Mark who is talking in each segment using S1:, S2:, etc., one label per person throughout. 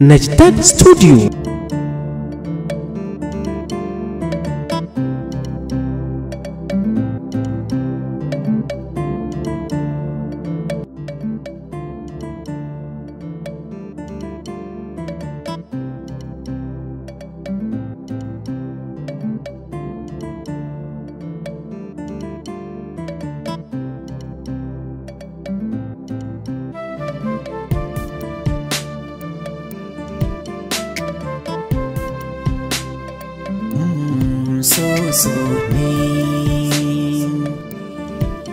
S1: Najdan Studio
S2: Sornin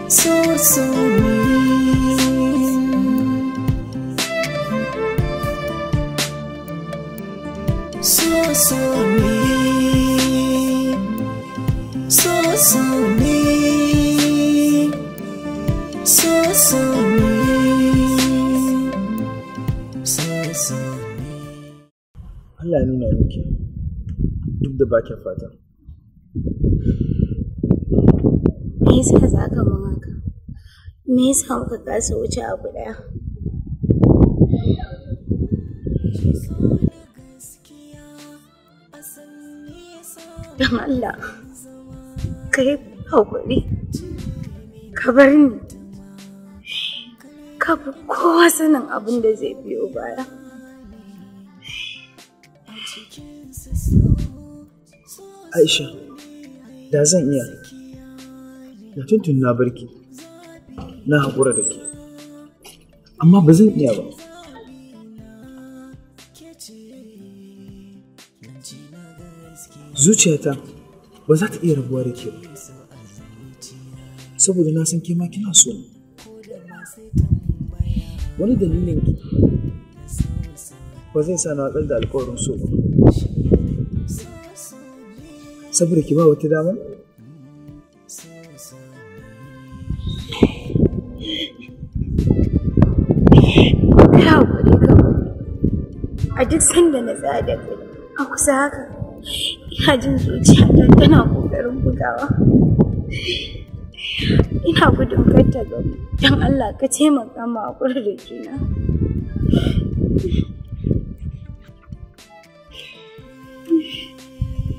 S2: Sor Sornin Sor Sornin Sor Allah ya nuna miki
S1: duk da bakin fata me
S2: yasa
S3: za ka min haka me yasa muka kasa wuce abu ɗaya don Allah ka yi ka bar ni ka kowa sanin abin da zai biyo baya
S1: Aisha da zan iya da tuntun na barki na haƙura da ke amma ba zan iya ba zuciyata ba za ta iya rabuwa da ke saboda na san kima kina so wani dalilin ba zai sa na watsar da alkawarin so ba saboda ki ba wata dama?
S3: a duk sanda na tsada da kai a kusa haka ina jin zuciya ta tana kokarin bugawa ina gudun kar ta gani don allah ka taimaka ma a da juna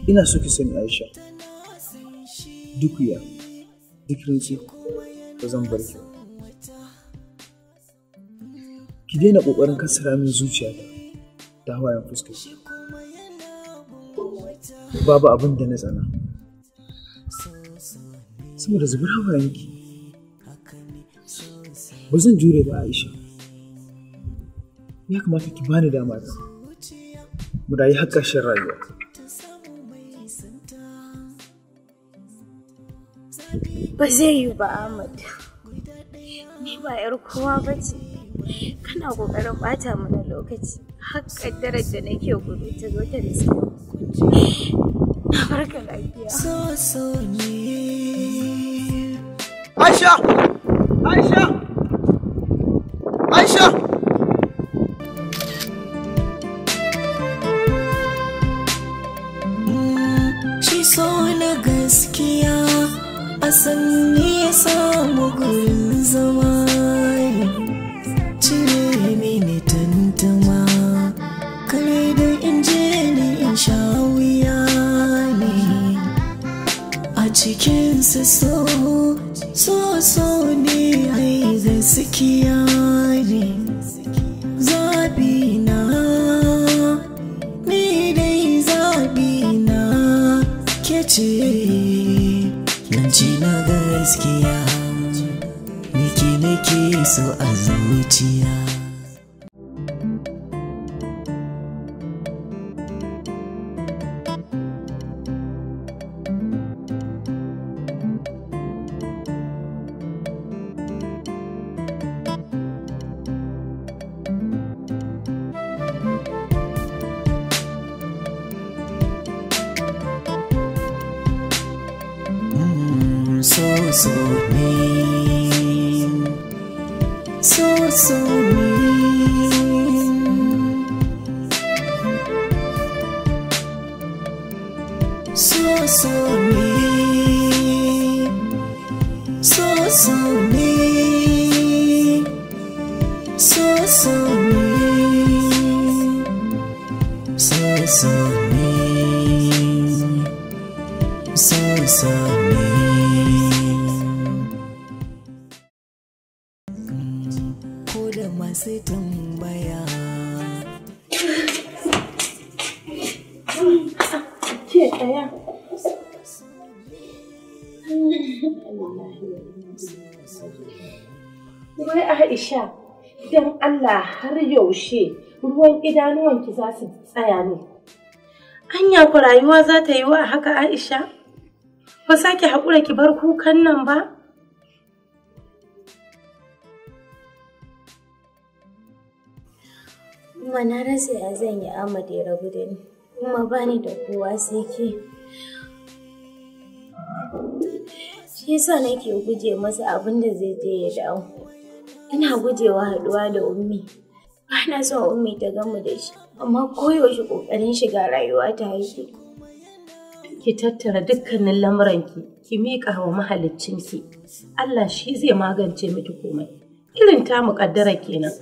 S1: ina so ki sani aisha duk ya duk rinci ba zan bar ki ki daina ƙoƙarin kasara min ta da hawayen fuskar babu abin da na tsana saboda zubar ki ba zan jure ba aisha ya kamata ki bani dama ta mu rayu har ƙarshen rayuwa
S3: ba zai yi ba Ahmad ni ba yar kowa ba ce kana kokarin bata mana lokaci har kaddarar da nake gudu ta zo ta riske na barka lafiya so so
S1: Aisha Aisha
S2: Aisha so na gaske a sanyi ya samu gurin zama cire mini tantama kare da inje ne in sha wuya ne a cikinsa so so so ne ai zai zabina ne gaskiya Niki nake so a you're so mean So, so mean So, so mean ɗaya.
S3: Wai Aisha, don Allah har yaushe ruwan idanuwanki za su tsaya ne. Anya ku rayuwa za ta yi wa haka Aisha? Ba sake haƙura ki bar kukan nan ba? Kuma rasa ya zan yi Ahmad ya rabu da ni. kuma ba ni da kowa sai ke shi yasa nake guje masa abin da zai je ya dawo ina gujewa haɗuwa da ummi ba na son ummi ta gamu da shi amma koyaushe ƙoƙarin shiga rayuwa ta yake. ki tattara dukkanin lamuranki ki miƙa wa mahaliccinki Allah shi zai magance miki komai irin ta mu kaddara kenan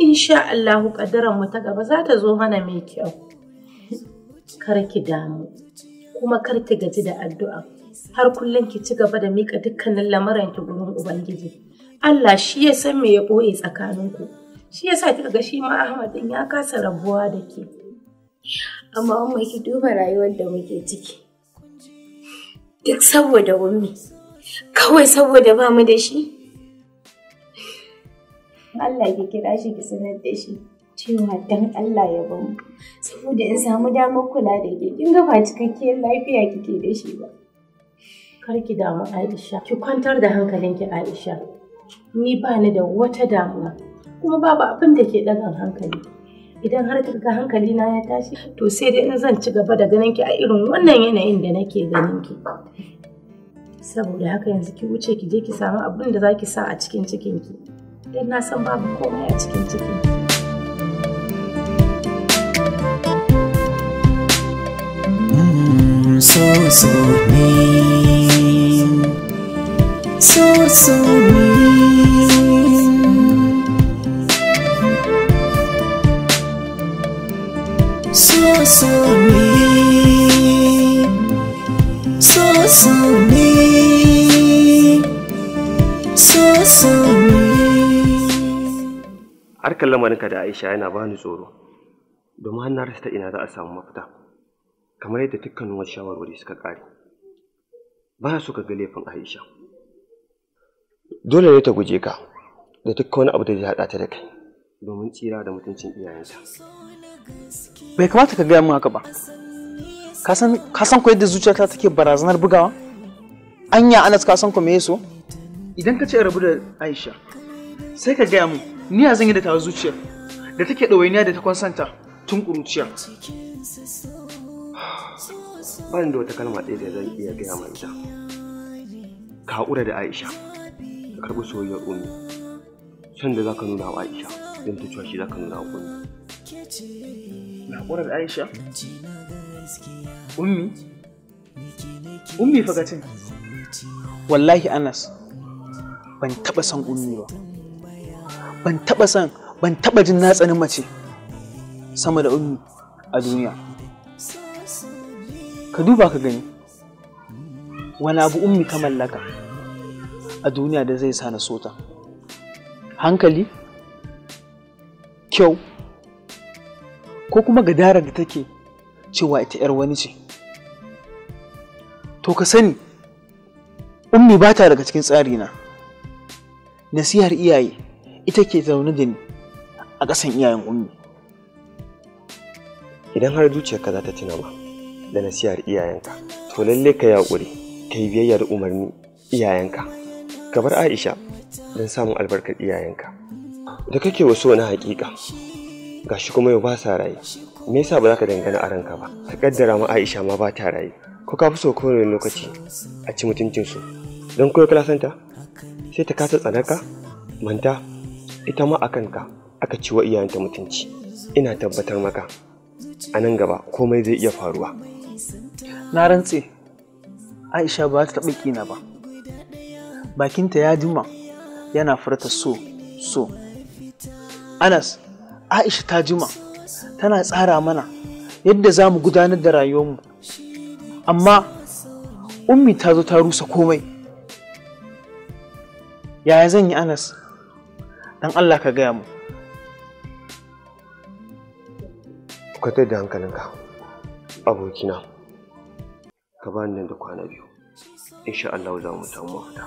S3: insha Allah kaddaran mu ta gaba za ta zo mana mai kyau kar ki damu kuma kar ki gaji da addu'a har kullum ki ci gaba da mika dukkanin lamaran ki gurin ubangiji Allah shi ya san me ya boye tsakaninku shi sa kika ga shi ma Ahmad ya kasa rabuwa da ke amma amma ki duba rayuwar da muke ciki duk saboda wani kawai saboda ba mu da shi Allah ki kira shi ki sanar da shi cewa dan Allah ya bamu saboda in samu damar kula da ke in gaba cikakkiyar lafiya kike da shi ba kar ki damu Aisha ki kwantar da hankalinki Aisha ni ba ni da wata damuwa kuma babu abin da ke ɗagan hankali idan har kika hankali na ya tashi to sai dai in zan ci gaba da ganin ki a irin wannan yanayin da nake ganin ki saboda haka yanzu ki wuce ki je ki samu abin da zaki sa a cikin cikinki don na san babu komai a cikin cikinki
S2: so so ne so so ne so so so so so so
S4: da aisha yana bani tsoro domin hannun ta ina za a samu mafita kamar yadda dukkanin wasu shawarwari suka ƙare ba su ka ga laifin aisha dole ne ta guje ka da duk wani abu da zai haɗa ta da kai domin tsira da mutuncin iyayenta
S1: bai kamata ka gaya min haka ba ka san ko yadda zuciyarta take barazanar bugawa anya anas ka san ku me so idan ka ce rabu da aisha sai ka gaya min ni zan yi da tawa zuciyar da take ɗawainiya da ta kwansanta tun ƙuruciya
S2: ba da wata kalma ɗaya
S4: da zan iya gaya ma ita ka haƙura da aisha ka karɓi soyayyar umi can da za ka nuna wa aisha don ta cewa shi za ka nuna wa umi
S1: ka haƙura da aisha ummi ummi fagatin wallahi anas ban taɓa son ummi ba ban taɓa son ban taɓa jin na mace sama da ummi a duniya ka duba ka gani wani abu ummi ka mallaka a duniya da zai sa na sota hankali kyau ko kuma gadara da take cewa ita 'yar wani ce to ka sani ummi ba ta daga cikin tsarina nasihar iyaye
S4: ita ke zaune da ni
S1: a ƙasan iyayen ummi
S4: idan har zuciyarka za ta tuna ba da na nasihar iyayenka to lalle ka yi haƙuri ka yi biyayya da umarni iyayenka ka bar aisha don samun albarkar iyayenka da kake wasu wani haƙiƙa gashi kuma yau ba sa raye me yasa ba za ka dangana a ranka ba ka kaddara ma aisha ma ba ta raye ko ka fi so kowane lokaci a ci mutuncinsu don koyo ka lasanta? sai ta kasa tsanaka manta ita ma a kanka aka ci iyayenta mutunci ina tabbatar maka a nan gaba komai zai iya faruwa
S1: na rantse aisha ba ta taɓa ƙina ba bakinta ya jima yana furta so so anas aisha ta jima tana tsara mana yadda za mu gudanar da rayuwarmu amma ummi ta zo ta rusa komai yaya zan yi anas dan allah ka gaya mu
S4: kwatar da hankalinka abokina ka ba nan da kwana biyu insha Allah za mu samu mafita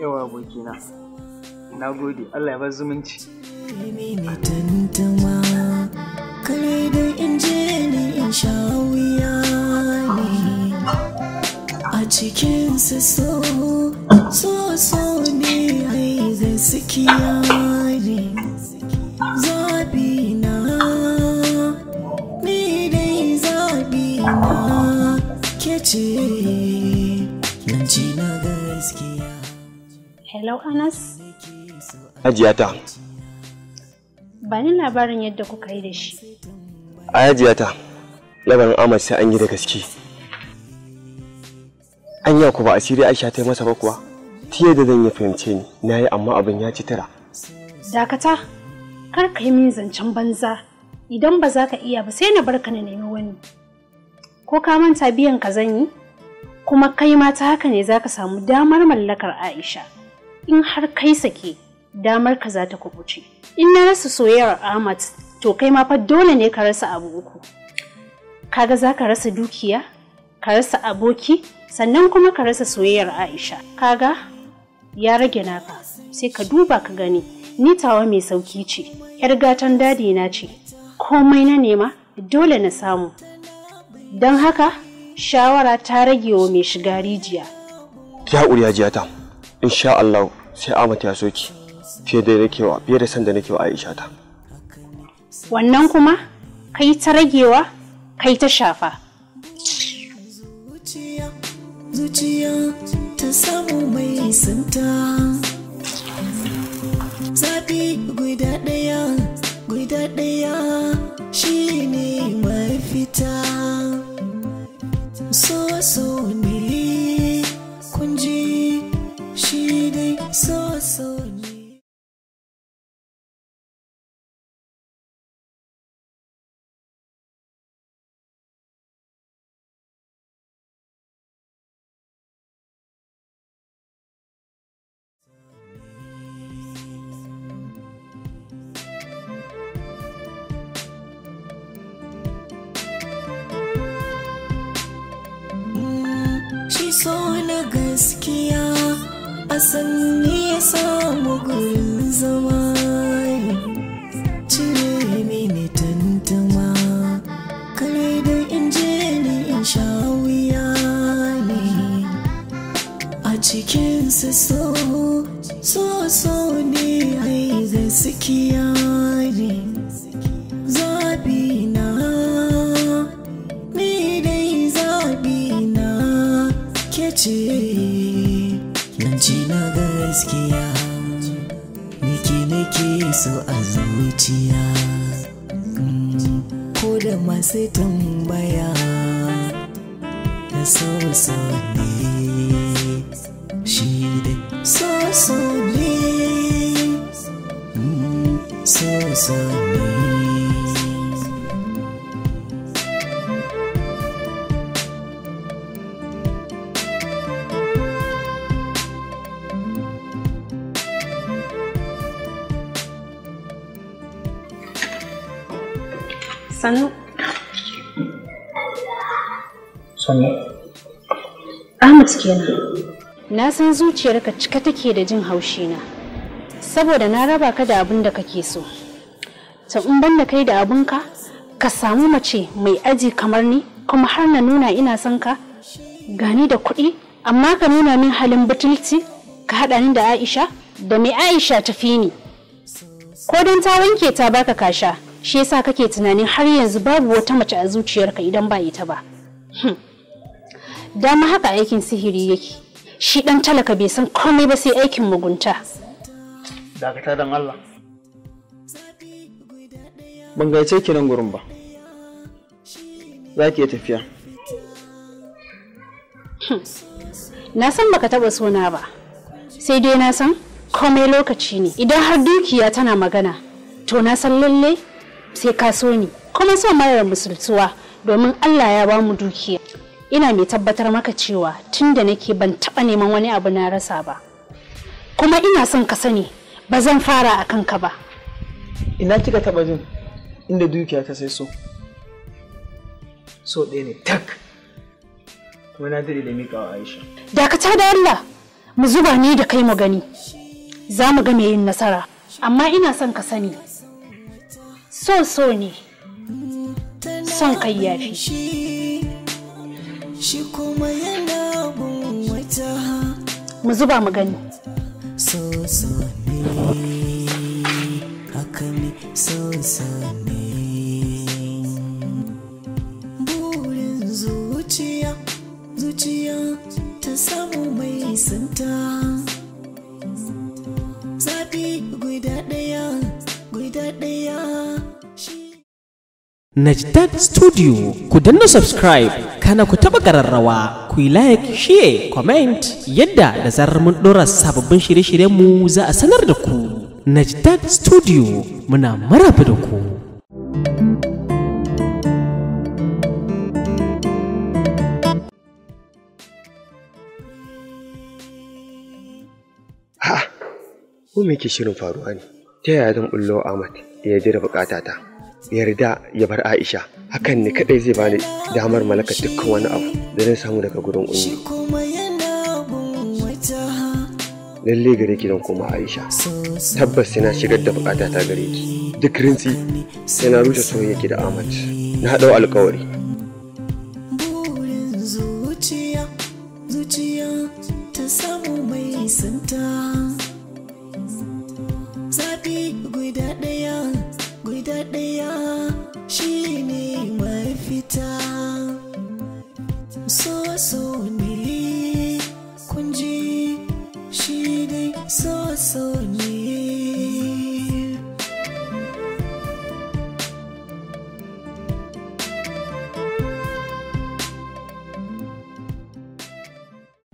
S1: yawa abokina na na gode Allah ya ba zumunci
S2: ilimi cikin su so so so ne ai zai sikiya
S5: Hello Anas. Hajiyata. Ba ni labarin yadda kuka yi da shi.
S4: A hajiyata, labarin Ahmad sai an yi da gaske. An yi ku ba asiri Aisha ta yi masa ba kuwa? Tiye da zan ya fahimce ni, na yi amma abin ya ci tara.
S5: Dakata, kar ka yi min zancen banza. Idan ba za ka iya ba sai na bar ka na nemi wani. Ko ka manta biyan ka zan yi? Kuma kai ma ta haka ne za ka samu damar mallakar Aisha. in har kai sake damar ka za ta kubuce in na rasa soyayyar ahmad to kai ma fa dole ne ka rasa abu uku kaga za ka rasa dukiya ka rasa aboki sannan kuma ka rasa soyayyar aisha kaga ya rage naka sai ka duba ka gani ni tawa mai sauki ce yar gatan dadi na ce komai na nema dole na samu don haka shawara ta rage wa mai shiga rijiya
S4: ki haƙuri ya ta. insha Allah sai Amat ya soki fiye da nake wa fiye da san da nake wa Aisha ta
S5: wannan kuma kai ta ragewa kai ta shafa
S2: zuciya ta samu mai santa zafi guda daya guda daya shine mafita a sanni ya samu gurin zama cire mini tantama kare da in je ni in sha wuya ne a cikinsa so so so ne ai ne zabi ni dai zabina ke ce zuci gaskiya niki nake so a zuciya mm, ko da masu tambaya ta so so ne shi da so so ne mm, so so ne
S5: sannu kenan na san zuciyarka cika take da jin haushi na saboda na raba ka da abin da kake so ta in banda kai da abinka ka samu mace mai aji kamar ni kuma har na nuna ina son ka gani da kuɗi amma ka nuna min halin butulci ka haɗa ni da aisha da mai aisha ta fi ni ko don ta wanke ta baka kasha shi yasa kake tunanin har yanzu babu wata mace a zuciyarka idan ba ita ba hmm. dama haka aikin sihiri yake shi ɗan talaka bai san komai ba sai aikin mugunta
S1: dakata don Allah ban gaice ki nan gurin ba za ki tafiya
S5: hmm. na san baka taba sona ba sai dai na san komai lokaci ne idan har dukiya tana magana to na san lalle sai ka so ni kuma so marar musultuwa domin Allah ya ba mu dukiya ina mai tabbatar maka cewa tun da nake ban taɓa neman wani abu na rasa ba kuma ina son ka sani ba zan fara a kanka ba ina kika taɓa jin
S1: inda dukiya ta sai so so ɗaya ne tak kuma na dare da miƙa wa aisha
S5: dakata da allah mu zuba ni da kai mu gani za mu ga mai yin nasara amma ina son ka sani so so ne son kai shi kuma yana bin wata mu zuba mu gani
S2: so so ne haka ne so so ne burin zuciya zuciya ta samu mai santa zafi guda daya
S1: guda daya Najdad Studio ku danna subscribe kana ku taba gararrawa ku yi like share comment yadda da zarar mun dora sababbin shirye-shiryen mu za a sanar da ku Najdad Studio muna maraba da ku
S4: Ha ko me ke shirin faruwa ne ta yaya zan bullo Ahmad ya jira bukatata yarda ya bar Aisha hakan ne kadai zai bani damar malaka dukkan wani abu da zan samu daga gurin ummi lalle gare ki don koma Aisha tabbas yana shigar da bukata ta gare ki duk rintsi sai na rushe soyayya ki da Ahmad na dau alkawari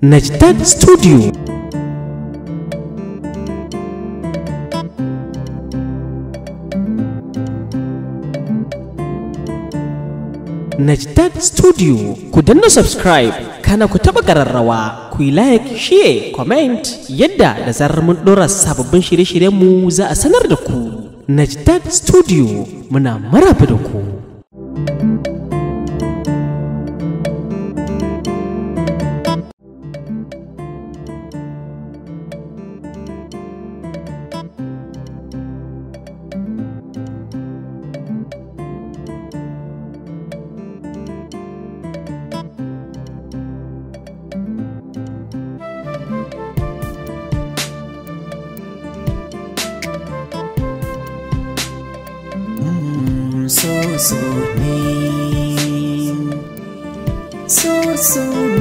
S1: Najdan Studio. Najdan Studio ku danna subscribe kana ku taɓa gararrawa ku like, share, comment yadda da zarar mun ɗora sababbin shirye shiryen mu za a sanar da ku. Najdan Studio muna maraba da ku.
S2: so name so so